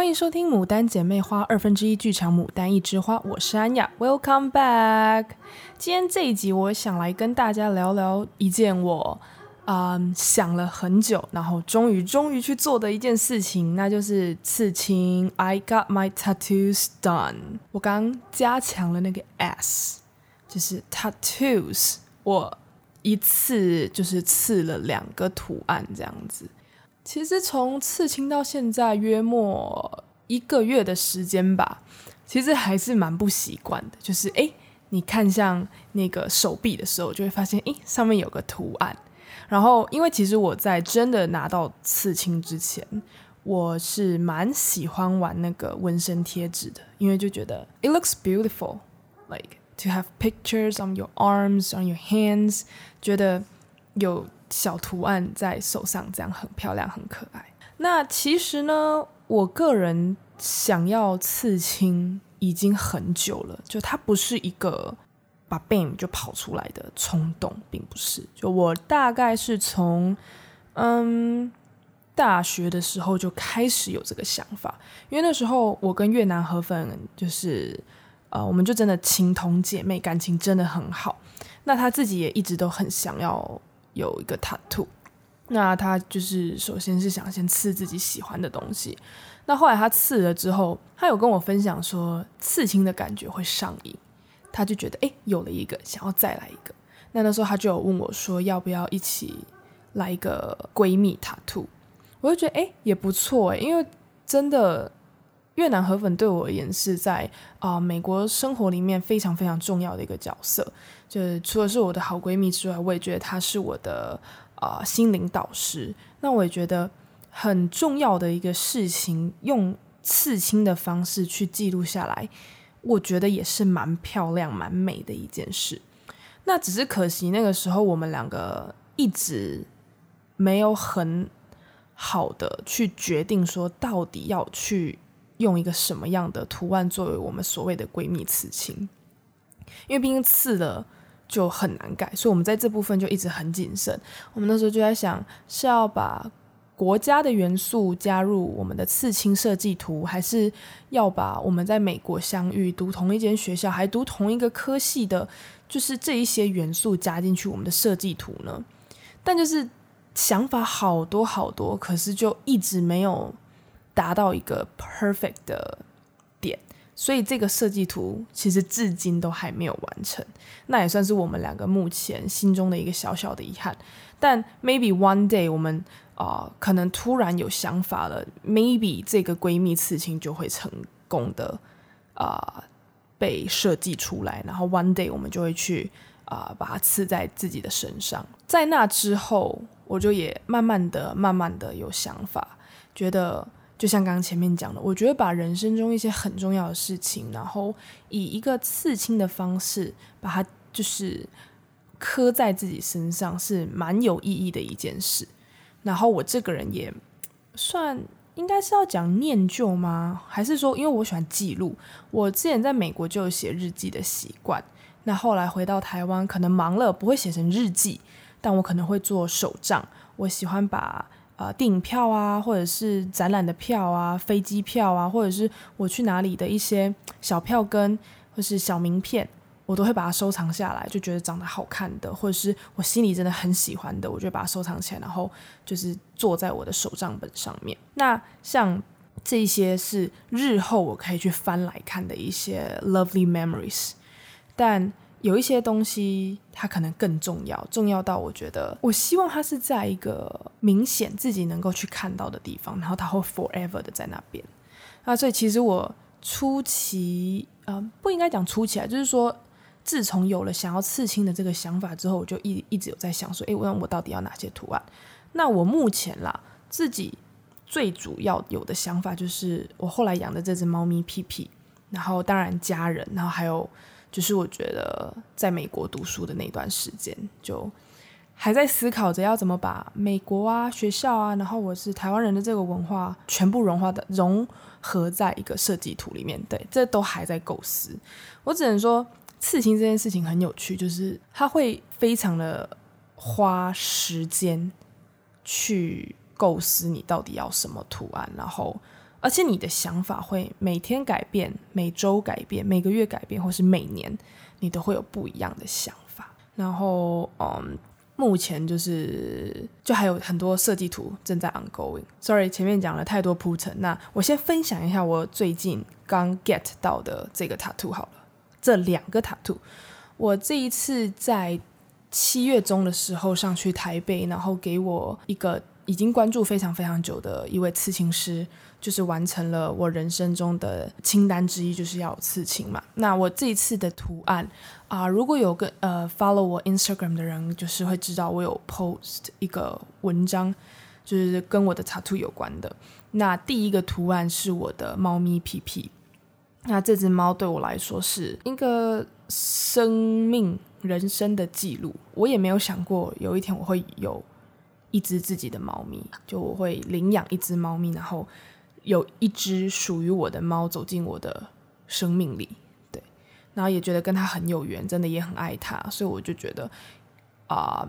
歡迎收聽《母單姊妹花》二分之一劇場，《母單一枝花》，我是安雅。Welcome back！今天這一集，我想來跟大家聊聊一件我啊、嗯、想了很久，然後終於終於去做的一件事情，那就是刺青。I got my tattoos done。我剛加強了那個 S，就是 tattoos。我一次就是刺了兩個圖案，這樣子。其實從刺青到現在約莫一個月的時間吧，其實還是蠻不習慣的。就是哎，你看向那個手臂的時候，就會發現哎，上面有個圖案。然後因為其實我在真的拿到刺青之前，我是蠻喜歡玩那個紋身貼紙的，因為就覺得 it looks beautiful like to have pictures on your arms on your hands，覺得有，小圖案在手上，這樣很漂亮，很可愛。那其實呢，我個人想要刺青已經很久了，就它不是一個把病就跑出來的衝動，並不是。就我大概是從嗯大學的時候就開始有這個想法，因為那時候我跟越南河粉就是、呃、我們就真的情同姐妹，感情真的很好。那他自己也一直都很想要。有一個 tattoo，那他就是首先是想先刺自己喜歡的東西，那後來他刺了之後，他有跟我分享說刺青的感覺會上癮，他就覺得哎、欸、有了一個，想要再來一個。那那時候他就有問我說要不要一起來一個閨蜜 tattoo，我就覺得哎、欸、也不錯誒、欸，因為真的越南河粉對我而言是在啊、呃、美國生活裡面非常非常重要的一個角色。就除了是我的好閨蜜之外，我也覺得她是我的啊、呃、心靈導師。那我也覺得很重要的一個事情，用刺青的方式去記錄下來，我覺得也是蠻漂亮、蠻美的一件事。那只是可惜，那個時候我們兩個一直沒有很好的去決定說，到底要去用一個什麼樣的圖案作為我們所謂的閨蜜刺青，因為畢竟刺了。就很難改，所以我們在這部分就一直很謹慎。我們那時候就在想，是要把國家的元素加入我們的刺青設計圖，還是要把我們在美國相遇、讀同一間學校、還讀同一個科系的，就是這一些元素加進去我們的設計圖呢？但就是想法好多好多，可是就一直沒有達到一個 perfect 的。所以這個設計圖其實至今都還沒有完成，那也算是我們兩個目前心中的一個小小的遺憾。但 maybe one day 我們啊、呃、可能突然有想法了，maybe 這個閨蜜刺青就會成功的啊、呃、被設計出來，然後 one day 我們就會去啊、呃、把它刺在自己的身上。在那之後，我就也慢慢的、慢慢的有想法，覺得。就像剛剛前面講的，我覺得把人生中一些很重要的事情，然後以一個刺青的方式把它就是刻在自己身上，是蠻有意義的一件事。然後我這個人也算應該是要講念舊嗎？還是說因為我喜歡記錄，我之前在美國就有寫日記的習慣。那後來回到台灣，可能忙了不會寫成日記，但我可能會做手賬。我喜歡把。啊、呃，電影票啊，或者是展覽的票啊，飛機票啊，或者是我去哪裡的一些小票根或者是小名片，我都會把它收藏下來，就覺得長得好看的，或者是我心裡真的很喜歡的，我就把它收藏起來，然後就是做在我的手賬本上面。那像這些是日後我可以去翻來看的一些 lovely memories，但。有一些東西，它可能更重要，重要到我覺得，我希望它是在一個明顯自己能夠去看到的地方，然後它會 forever 的在那邊。那所以其實我初期，嗯、呃，不應該講初期啊，就是說自從有了想要刺青的這個想法之後，我就一一直有在想說，誒、欸，我我到底要哪些圖案？那我目前啦，自己最主要有的想法就是我後來養的這隻貓咪屁屁，然後當然家人，然後還有。就是我覺得在美國讀書的那段時間，就還在思考着要怎麼把美國啊、學校啊，然後我是台灣人的這個文化全部融化的融合在一個設計圖裡面。對，這都還在構思。我只能說刺青這件事情很有趣，就是它會非常的花時間去構思你到底要什麼圖案，然後。而且你的想法會每天改變，每周改變，每個月改變，或是每年，你都會有不一樣的想法。然後，嗯，目前就是就還有很多設計圖正在 ongoing。Sorry，前面講了太多鋪陳，那我先分享一下我最近剛 get 到的這個 tattoo 好了。這兩個 tattoo，我這一次在七月中的時候上去台北，然後給我一個已經關注非常非常久的一位刺青師。就是完成了我人生中的清單之一，就是要有刺青嘛。那我這一次的圖案啊，呃，如果有個呃 follow 我 Instagram 的人，就是會知道我有 post 一個文章，就是跟我的 tattoo 有關的。那第一個圖案是我的貓咪 pp。那這隻貓對我來說是一個生命人生的記錄。我也沒有想過有一天我會有一隻自己的貓咪，就我會領養一隻貓咪，然後。有一隻屬於我的貓走進我的生命裡，對，然後也覺得跟它很有緣，真的也很愛它，所以我就覺得啊、呃，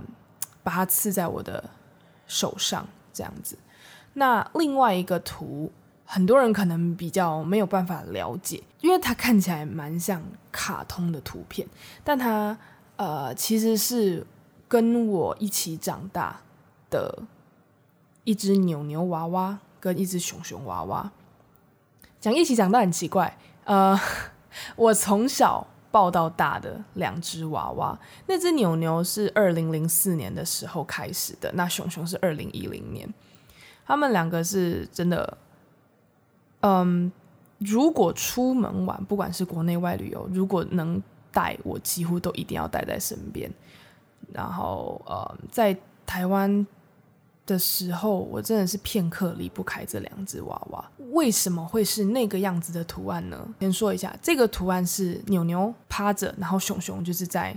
把它刺在我的手上這樣子。那另外一個圖，很多人可能比較沒有辦法了解，因為它看起來蠻像卡通的圖片，但它呃其實是跟我一起長大的一隻扭扭娃娃。跟一隻熊熊娃娃講一起講到很奇怪，呃，我從小抱到大的兩隻娃娃，那隻牛牛是二零零四年的時候開始的，那熊熊是二零一零年，他們兩個是真的，嗯、呃，如果出門玩，不管是國內外旅遊，如果能帶，我幾乎都一定要帶在身邊，然後呃，在台灣的時候，我真的是片刻離不開這兩隻娃娃。為什麼會是那個樣子的圖案呢？先說一下，這個圖案是牛牛趴着，然後熊熊就是在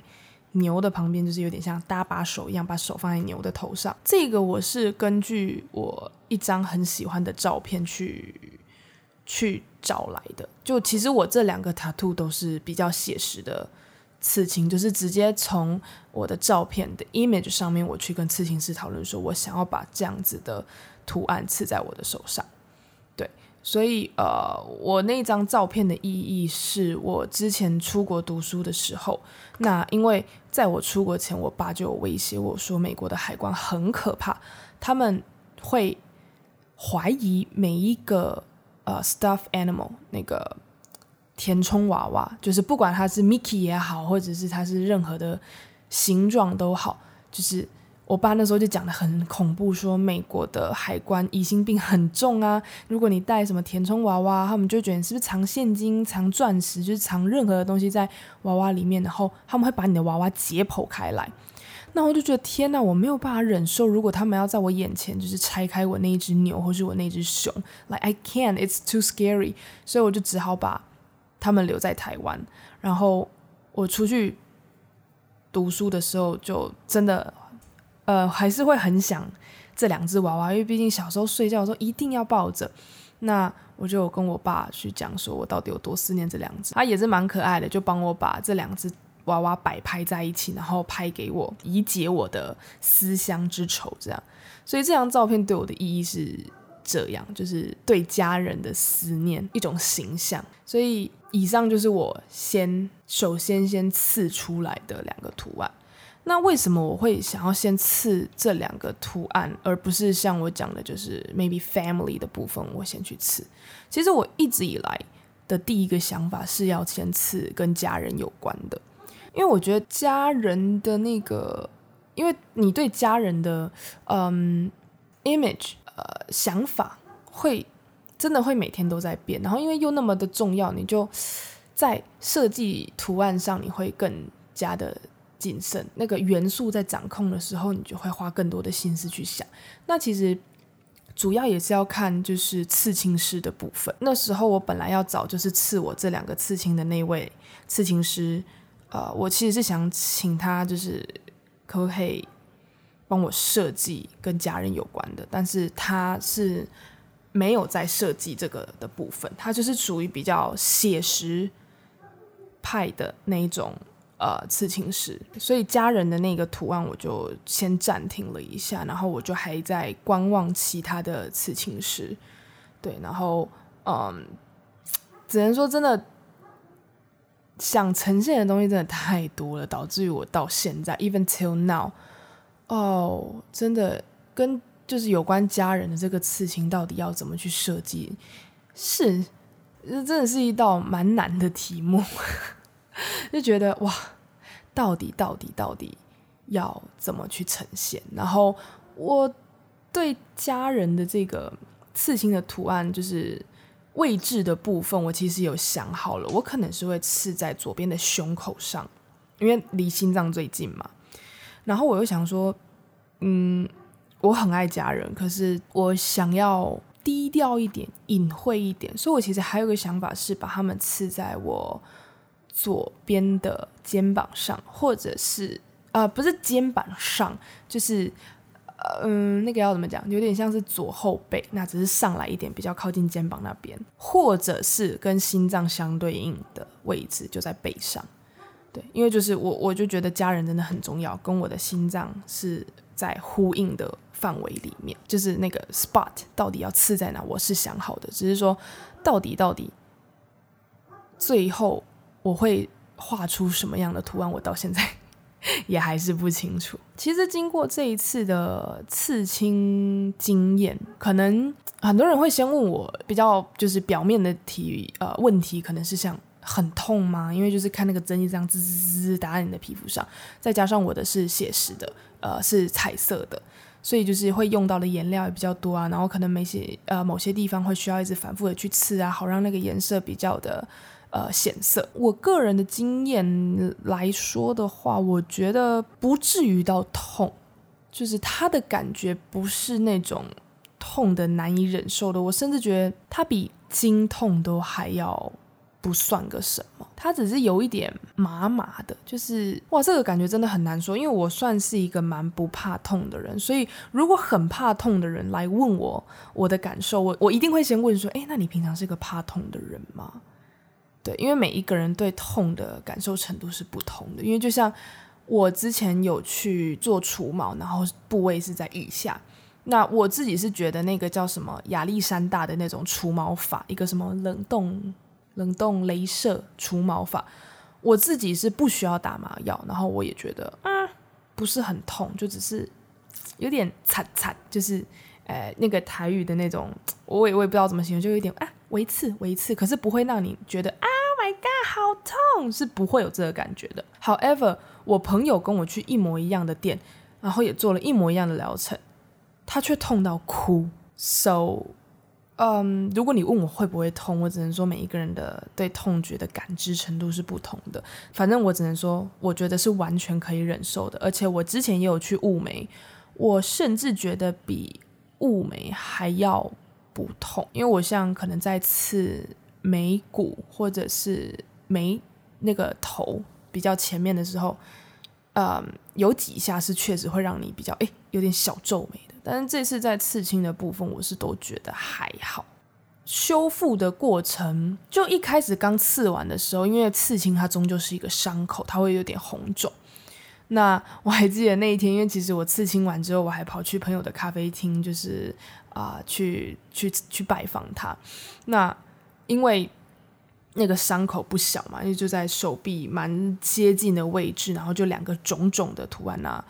牛的旁邊，就是有點像搭把手一樣，把手放在牛的頭上。這個我是根據我一張很喜歡的照片去去找來的。就其實我這兩個塔兔都是比較寫實的。刺青就是直接從我的照片的 image 上面，我去跟刺青師討論，說我想要把這樣子的圖案刺在我的手上。對，所以呃，我那張照片的意義是我之前出國讀書的時候，那因為在我出國前，我爸就有威脅我說，美國的海關很可怕，他們會懷疑每一個呃 stuff animal 那個。填充娃娃，就是不管它是 Mickey 也好，或者是它是任何的形狀都好，就是我爸那時候就講的很恐怖，說美國的海關疑心病很重啊，如果你帶什麼填充娃娃，他們就覺得你是不是藏現金、藏鑽石，就是藏任何的東西在娃娃裡面，然後他們會把你的娃娃解剖開來。那我就覺得天哪，我沒有辦法忍受，如果他們要在我眼前就是拆開我那一隻牛，或是我那隻熊，like I can't, it's too scary，所以我就只好把。他們留在台灣，然後我出去讀書的時候，就真的，呃，還是會很想這兩隻娃娃，因為畢竟小時候睡覺的時候一定要抱着。那我就跟我爸去講，說我到底有多思念這兩隻，他、啊、也是蠻可愛的，就幫我把這兩隻娃娃擺拍在一起，然後拍給我，以解我的思鄉之愁。這樣，所以這張照片對我的意義是這樣，就是對家人的思念一種形象。所以。以上就是我先首先先刺出來的兩個圖案。那為什麼我會想要先刺這兩個圖案，而不是像我講的，就是 maybe family 的部分我先去刺？其實我一直以來的第一個想法是要先刺跟家人有關的，因為我覺得家人的那個，因為你對家人的嗯 image 呃想法會。真的會每天都在變，然後因為又那麼的重要，你就在設計圖案上你會更加的謹慎。那個元素在掌控的時候，你就會花更多的心思去想。那其實主要也是要看就是刺青師的部分。那時候我本來要找就是刺我這兩個刺青的那位刺青師，呃，我其實是想請他就是可不可以幫我設計跟家人有關的，但是他是。沒有在設計這個的部分，它就是屬於比較寫實派的那一種呃刺青師，所以家人的那個圖案我就先暫停了一下，然後我就還在觀望其他的刺青師，對，然後嗯，只能說真的想呈現的東西真的太多了，導致於我到現在，even till now，哦，真的跟。就是有關家人的這個刺青，到底要怎麼去設計？是，這真的是一道蠻難的題目。 就覺得哇，到底到底到底要怎麼去呈現？然後我對家人的這個刺青的圖案，就是位置的部分，我其實有想好了，我可能是會刺在左邊的胸口上，因為離心臟最近嘛。然後我又想說，嗯。我很愛家人，可是我想要低調一點，隱晦一點，所以我其實還有個想法，是把他們刺在我左邊的肩膀上，或者是啊、呃，不是肩膀上，就是呃，嗯，那個要怎麼講，有點像是左後背，那只是上來一點，比較靠近肩膀那邊，或者是跟心臟相對應的位置，就在背上。對，因為就是我，我就覺得家人真的很重要，跟我的心臟是在呼應的。範圍裡面，就是那個 spot 到底要刺在哪，我是想好的。只是說，到底到底，最後我會畫出什麼樣的圖案，我到現在也還是不清楚。其實經過這一次的刺青經驗，可能很多人會先問我比較就是表面的體呃問題，可能是像很痛嗎？因為就是看那個針這樣，滋滋滋打在你的皮膚上，再加上我的是寫實的，呃，是彩色的。所以就是會用到的顏料也比較多啊，然後可能某些呃某些地方會需要一直反覆的去刺啊，好讓那個顏色比較的呃顯色。我個人的經驗來說的話，我覺得不至於到痛，就是它的感覺不是那種痛的難以忍受的，我甚至覺得它比經痛都還要。不算個什麼，它只是有一點麻麻的，就是哇，這個感覺真的很難說。因為我算是一個蠻不怕痛的人，所以如果很怕痛的人來問我我的感受，我我一定會先問說，哎，那你平常是個怕痛的人嗎？對，因為每一個人對痛的感受程度是不同的。因為就像我之前有去做除毛，然後部位是在腋下，那我自己是覺得那個叫什麼亞歷山大的那種除毛法，一個什麼冷凍。冷凍雷射除毛法，我自己是不需要打麻藥，然後我也覺得，啊，不是很痛，就只是有點慘慘，就是，呃，那個台語的那種，我也我也不知道怎麼形容，就有點啊，微刺，微刺。可是不會讓你覺得啊，Oh my God，好痛，是不會有這個感覺的。However，我朋友跟我去一模一樣的店，然後也做了一模一樣的療程，他卻痛到哭，So。嗯、um,，如果你問我會不會痛，我只能說每一個人的對痛覺的感知程度是不同的。反正我只能說，我覺得是完全可以忍受的。而且我之前也有去霧眉，我甚至覺得比霧眉還要不痛，因為我像可能在刺眉骨或者是眉那個頭比較前面的時候，嗯，有幾下是確實會讓你比較，哎，有點小皺眉的。但是這次在刺青的部分，我是都覺得還好。修復的過程，就一開始剛刺完的時候，因為刺青它終究是一個傷口，它會有點紅腫。那我還記得那一天，因為其實我刺青完之後，我還跑去朋友的咖啡廳，就是啊、呃，去去去拜訪他。那因為那個傷口不小嘛，因為就在手臂蠻接近的位置，然後就兩個腫腫的圖案啊。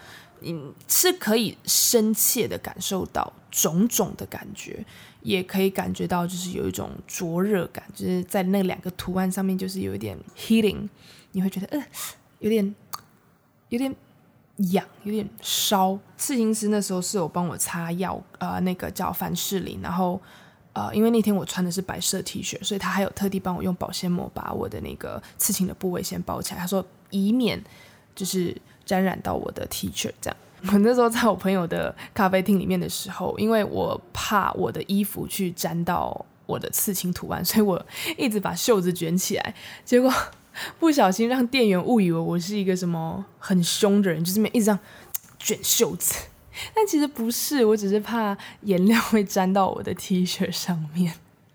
你是可以深切的感受到種種的感覺，也可以感覺到就是有一種灼熱感，就是在那兩個圖案上面就是有一點 heating，你會覺得呃有點有點癢，有點燒。刺青師那時候是有幫我擦藥，呃，那個叫凡士林，然後呃，因為那天我穿的是白色 T 恤，所以他還有特地幫我用保鮮膜把我的那個刺青的部位先包起來，他說以免就是。沾染到我的 T 恤，這樣。我那時候在我朋友的咖啡廳裡面的時候，因為我怕我的衣服去沾到我的刺青圖案，所以我一直把袖子捲起來。結果不小心讓店員誤以為我是一個什麼很凶的人，就這麼一直這樣捲袖子。但其實不是，我只是怕顏料會沾到我的 T 恤上面。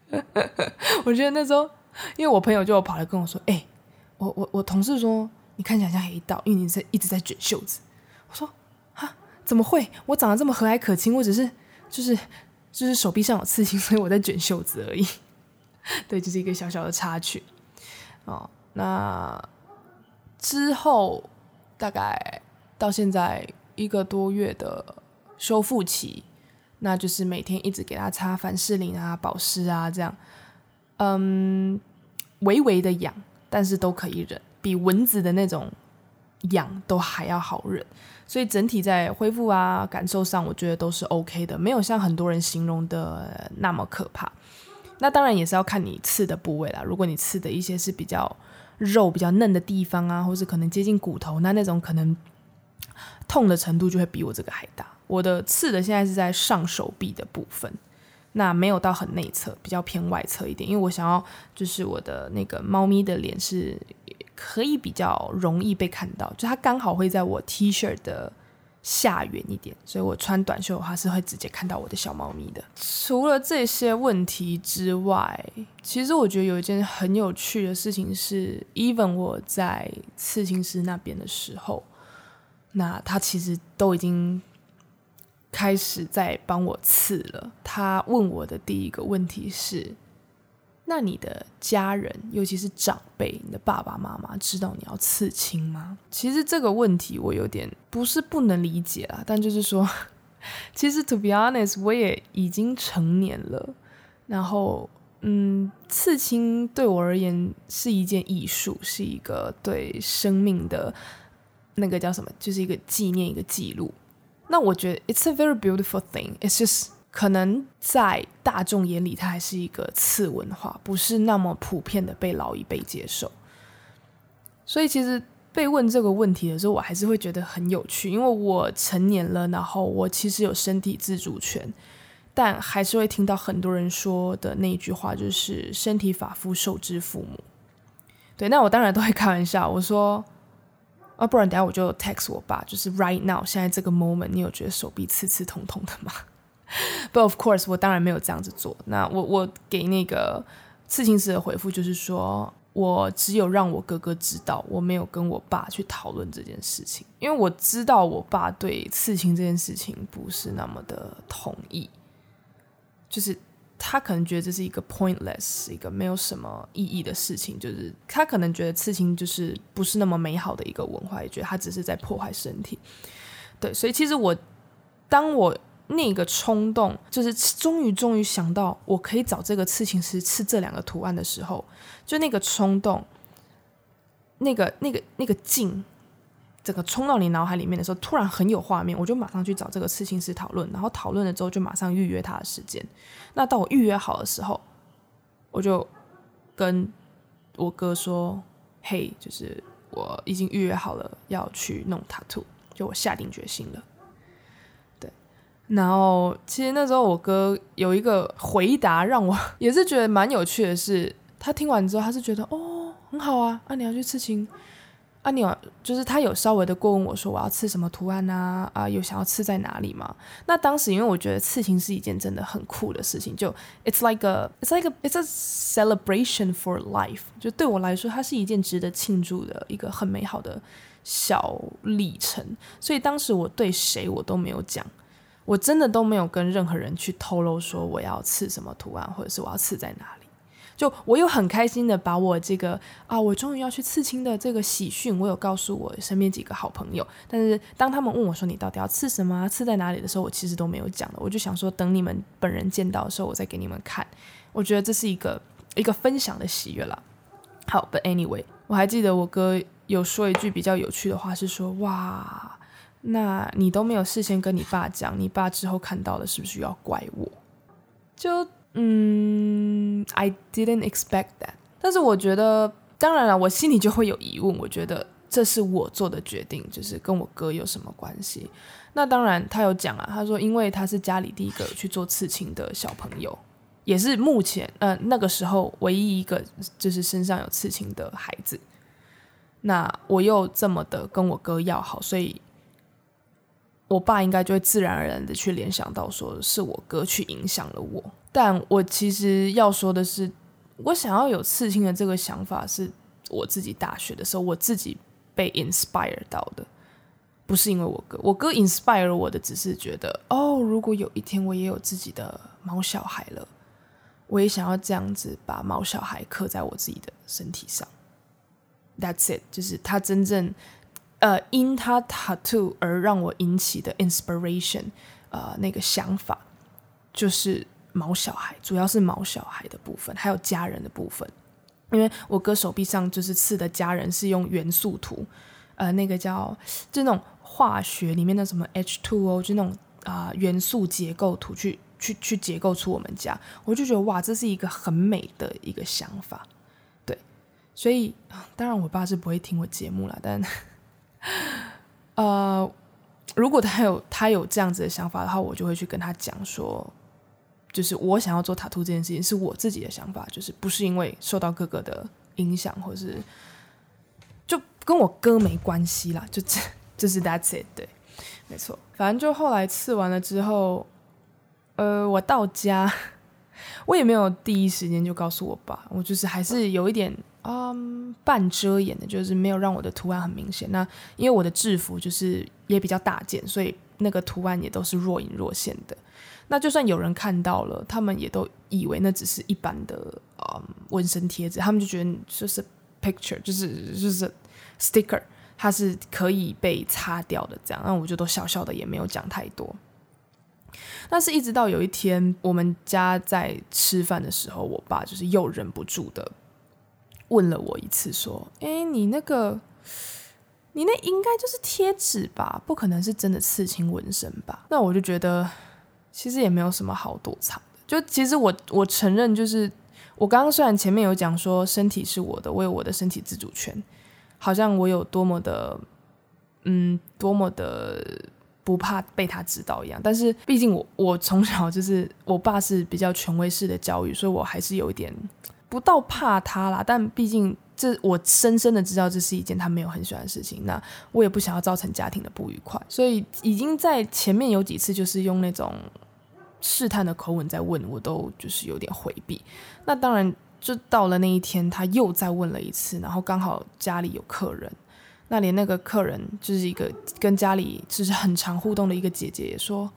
我覺得那時候，因為我朋友就跑來跟我說：“誒、欸，我我我同事說。”你看起來像黑道，因為你是一直在捲袖子。我說，啊，怎麼會？我長得這麼和藹可親，我只是就是就是手臂上有刺青，所以我在捲袖子而已。 對，就是一個小小的插曲。哦，那之後大概到現在一個多月的修復期，那就是每天一直給他擦凡士林啊、保濕啊這樣。嗯，微微的癢，但是都可以忍。比蚊子的那種癢都還要好忍，所以整體在恢復啊感受上，我覺得都是 OK 的，沒有像很多人形容的那麼可怕。那當然也是要看你刺的部位啦。如果你刺的一些是比較肉比較嫩的地方啊，或是可能接近骨頭，那那種可能痛的程度就會比我這個還大。我的刺的現在是在上手臂的部分。那沒有到很內側，比較偏外側一點，因為我想要就是我的那個貓咪的臉是可以比較容易被看到，就它剛好會在我 T 恤的下緣一點，所以我穿短袖的話是會直接看到我的小貓咪的。除了這些問題之外，其實我覺得有一件很有趣的事情是，even 我在刺青師那邊的時候，那他其實都已經開始在幫我刺了。他問我的第一個問題是：“那你的家人，尤其是長輩，你的爸爸媽媽知道你要刺青嗎？”其實這個問題我有點不是不能理解啊，但就是說，其實 to be honest，我也已經成年了。然後，嗯，刺青對我而言是一件藝術，是一個對生命的那個叫什麼，就是一個紀念，一個記錄。那我覺得，It's a very beautiful thing. It's just 可能在大眾眼裡，它還是一個次文化，不是那麼普遍的被老一輩接受。所以其實被問這個問題的時候，我還是會覺得很有趣，因為我成年了，然後我其實有身體自主權，但還是會聽到很多人說的那一句話，就是“身體髮膚受之父母”。對，那我當然都會開玩笑，我說。啊，不然等下我就 text 我爸，就是 right now 現在這個 moment，你有覺得手臂刺刺痛痛的嗎？But of course，我當然沒有這樣子做。那我我給那個刺青師的回復就是說，我只有讓我哥哥知道，我沒有跟我爸去討論這件事情，因為我知道我爸對刺青這件事情不是那麼的同意，就是。他可能覺得這是一個 pointless，一個沒有什麼意義的事情。就是他可能覺得刺青就是不是那麼美好的一個文化，也覺得他只是在破壞身體。對，所以其實我當我那個衝動，就是終於終於想到我可以找這個刺青師刺這兩個圖案的時候，就那個衝動，那個那個那個勁。整個衝到你腦海裡面的時候，突然很有畫面，我就馬上去找這個刺青師討論，然後討論了之後就馬上預約他的時間。那到我預約好的時候，我就跟我哥說：“嘿，就是我已經預約好了要去弄 Tattoo。就我下定決心了。”對，然後其實那時候我哥有一個回答讓我也是覺得蠻有趣的是，他聽完之後他是覺得：“哦，很好啊，啊你要去刺青。”啊，你有，就是他有稍微的過問我說我要刺什麼圖案啊，啊，有想要刺在哪裡嗎？那當時因為我覺得刺青是一件真的很酷的事情，就 it's like a it's like a it's a celebration for life，就對我來說，它是一件值得慶祝的一個很美好的小歷程。所以當時我對誰我都沒有講，我真的都沒有跟任何人去透露說我要刺什麼圖案，或者是我要刺在哪裡。就我有很開心的把我這個啊，我終於要去刺青的這個喜訊，我有告訴我身邊幾個好朋友。但是當他們問我說你到底要刺什麼、啊，刺在哪裡的時候，我其實都沒有講的。我就想說，等你們本人見到的時候，我再給你們看。我覺得這是一個一個分享的喜悅啦。好，oh, But anyway，我還記得我哥有說一句比較有趣的話，是說哇，那你都沒有事先跟你爸講，你爸之後看到的是不是又要怪我？就嗯。I didn't expect that，但是我覺得，當然了、啊，我心裡就會有疑問。我覺得這是我做的決定，就是跟我哥有什麼關係？那當然，他有講啊，他說，因為他是家裡第一個去做刺青的小朋友，也是目前呃那個時候唯一一個就是身上有刺青的孩子。那我又這麼的跟我哥要好，所以。我爸應該就會自然而然的去聯想到，說是我哥去影響了我。但我其實要說的是，我想要有刺青的這個想法，是我自己大學的時候，我自己被 inspire 到的，不是因為我哥。我哥 inspire 我的只是覺得，哦，如果有一天我也有自己的毛小孩了，我也想要這樣子把毛小孩刻在我自己的身體上。That's it，就是他真正。呃，因他 Tattoo 而讓我引起的 inspiration，呃，那個想法就是毛小孩，主要是毛小孩的部分，還有家人的部分。因為我哥手臂上就是刺的家人，是用元素圖，呃，那個叫就那種化學裡面的什麼 H2O，就那種啊、呃、元素結構圖去，去去去結構出我們家，我就覺得哇，這是一個很美的一個想法。對，所以當然我爸是不會聽我節目啦，但。呃，如果他有他有這樣子的想法的話，我就會去跟他講說，就是我想要做塔圖這件事情是我自己的想法，就是不是因為受到哥哥的影響，或是就跟我哥沒關係啦。就這，這、就是 That's it，對，沒錯。反正就後來刺完了之後，呃，我到家，我也沒有第一時間就告訴我爸，我就是還是有一點。嗯，um，半遮掩的，就是沒有讓我的圖案很明顯。那因為我的制服就是也比較大件，所以那個圖案也都是若隱若現的。那就算有人看到了，他們也都以為那只是一般的嗯，um，紋身貼紙，他們就覺得就是 picture，就是就是 sticker，它是可以被擦掉的這樣。那我就都笑笑的，也沒有講太多。但是一直到有一天，我們家在吃飯的時候，我爸就是又忍不住的。問了我一次，說：“哎、欸，你那個，你那應該就是貼紙吧？不可能是真的刺青紋身吧？”那我就覺得，其實也沒有什麼好躲藏的。就其實我我承認，就是我剛剛雖然前面有講說身體是我的，我有我的身體自主權，好像我有多麼的嗯，多麼的不怕被他知道一樣。但是畢竟我我從小就是我爸是比較權威式的教育，所以我還是有一點。不到怕他啦，但畢竟這我深深的知道，這是一件他沒有很喜歡的事情。那我也不想要造成家庭的不愉快，所以已經在前面有幾次就是用那種試探的口吻在問，我都就是有點回避。那當然，就到了那一天，他又再問了一次，然後剛好家裡有客人，那連那個客人就是一個跟家裡就是很常互動的一個姐姐也說。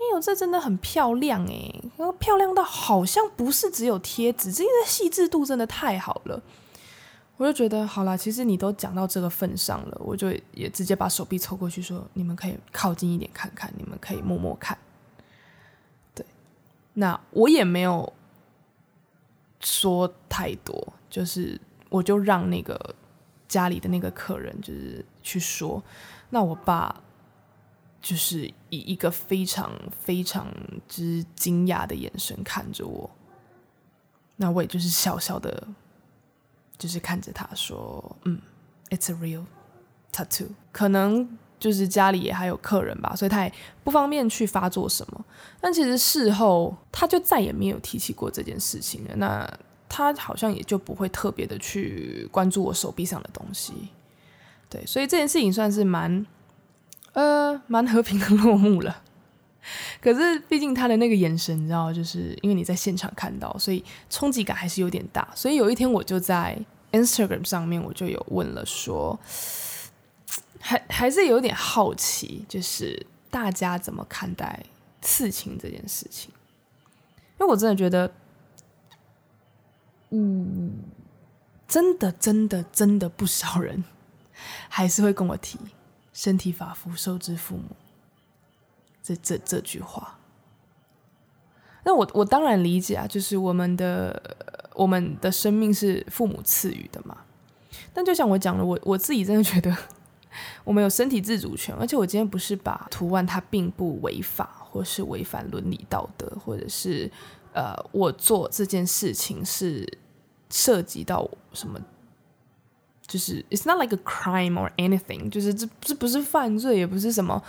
哎呦，這真的很漂亮誒、欸。漂亮到好像不是只有貼紙，這個因為細致度真的太好了。我就覺得好啦，其實你都講到這個份上了，我就也直接把手臂湊過去說：“你們可以靠近一點看看，你們可以摸摸看。”對，那我也沒有說太多，就是我就讓那個家裡的那個客人就是去說，那我爸。就是以一個非常非常之驚訝的眼神看着我，那我也就是笑笑的，就是看着他說：“嗯，it's a real tattoo。”可能就是家裡也還有客人吧，所以他也不方便去發作什麼，但其實事後他就再也沒有提起過這件事情了。那他好像也就不會特別的去關注我手臂上的東西。對，所以這件事情算是蠻……呃，蠻和平的落幕了。可是，畢竟他的那個眼神，你知道，就是因為你在現場看到，所以衝擊感還是有點大。所以有一天，我就在 Instagram 上面，我就有問了說，說還還是有點好奇，就是大家怎麼看待刺青這件事情？因為我真的覺得，嗯，真的真的真的不少人還是會跟我提。身體髮膚受之父母，這這這句話，那我我當然理解啊，就是我們的我們的生命是父母賜予的嘛。但就像我講的，我我自己真的覺得，我們有身體自主權，而且我今天不是把圖案，它並不違法，或是違反倫理道德，或者是呃，我做這件事情是涉及到什麼？就是，it's not like a crime or anything，就是這這不是犯罪，也不是什麼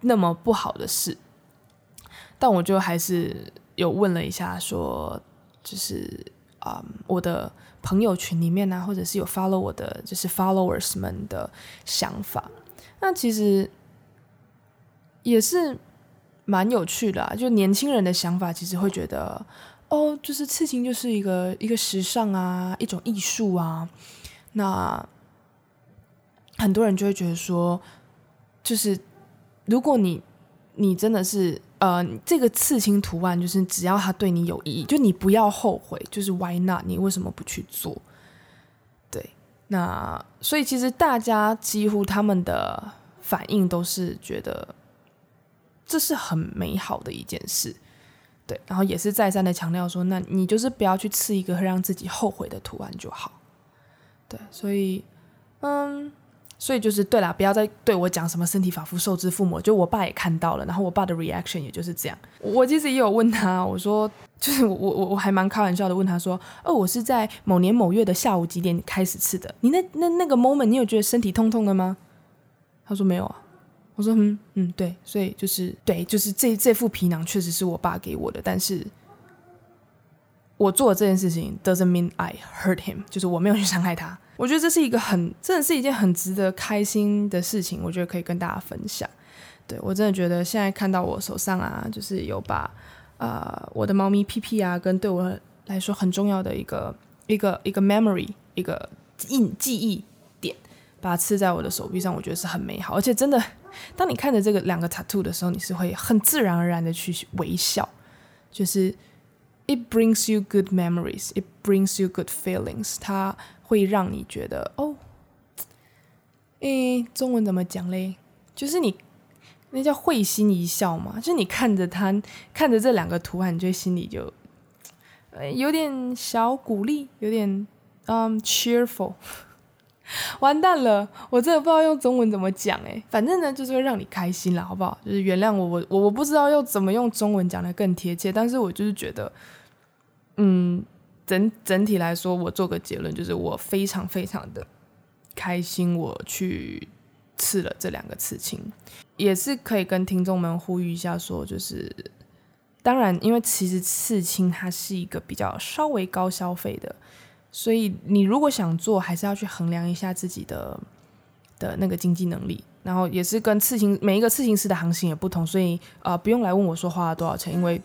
那麼不好的事。但我就還是有問了一下說，說就是啊，um, 我的朋友群裡面啊，或者是有 follow 我的，就是 followers 們的想法。那其實也是蠻有趣的啊，就年輕人的想法，其實會覺得哦，就是刺青就是一個一個時尚啊，一種藝術啊。那很多人就會覺得說，就是如果你你真的是呃這個刺青圖案，就是只要它對你有意義，就你不要後悔，就是 why not？你為什麼不去做？對，那所以其實大家幾乎他們的反應都是覺得這是很美好的一件事，對，然後也是再三的強調說，那你就是不要去刺一個讓自己後悔的圖案就好。對，所以，嗯，所以就是對啦，不要再對我講什麼身體髮膚受之父母，就我爸也看到了，然後我爸的 reaction 也就是這樣。我，我其實也有問他，我說，就是我我我還蠻開玩笑的問他說，哦，我是在某年某月的下午幾點開始刺的？你那那那個 moment 你有覺得身體痛痛的嗎？他說沒有啊。我說，嗯嗯，對，所以就是對，就是這這副皮囊確實是我爸給我的，但是，我做這件事情 doesn't mean I hurt him，就是我沒有去傷害他。我覺得這是一個很真的是一件很值得開心的事情。我覺得可以跟大家分享。對，我真的覺得現在看到我手上啊，就是有把啊、呃、我的貓咪屁屁啊，跟對我來說很重要的一個一個一個 memory，一個印記、記憶點，把它刺在我的手臂上，我覺得是很美好。而且真的，當你看着這個兩個 tattoo 的時候，你是會很自然而然的去微笑，就是。It brings you good memories. It brings you good feelings. 它會讓你覺得哦，誒，中文怎麼講嘞？就是你那叫會心一笑嘛。就是、你看着它，看着這兩個圖案，你就心裡就、呃、有點小鼓勵，有點嗯，cheerful。 完蛋了，我真的不知道用中文怎麼講誒，反正呢，就是會讓你開心啦，好不好？就是原諒我，我我我不知道要怎麼用中文講的更貼切，但是我就是覺得。嗯，整整體來說，我做個結論，就是我非常非常的開心，我去刺了這兩個刺青，也是可以跟聽眾們呼籲一下，說就是，當然，因為其實刺青它是一個比較稍微高消費的，所以你如果想做，還是要去衡量一下自己的的那個經濟能力，然後也是跟刺青，每一個刺青師的行情也不同，所以呃，不用來問我說花了多少錢，因為。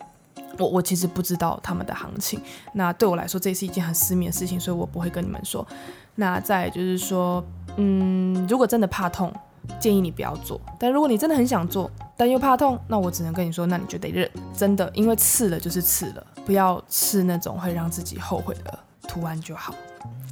我我其實不知道他們的行情，那對我來說這也是一件很私密的事情，所以我不會跟你們說。那再來就是說，嗯，如果真的怕痛，建議你不要做。但如果你真的很想做，但又怕痛，那我只能跟你說，那你就得忍，真的，因為刺了就是刺了，不要刺那種會讓自己後悔的圖案就好。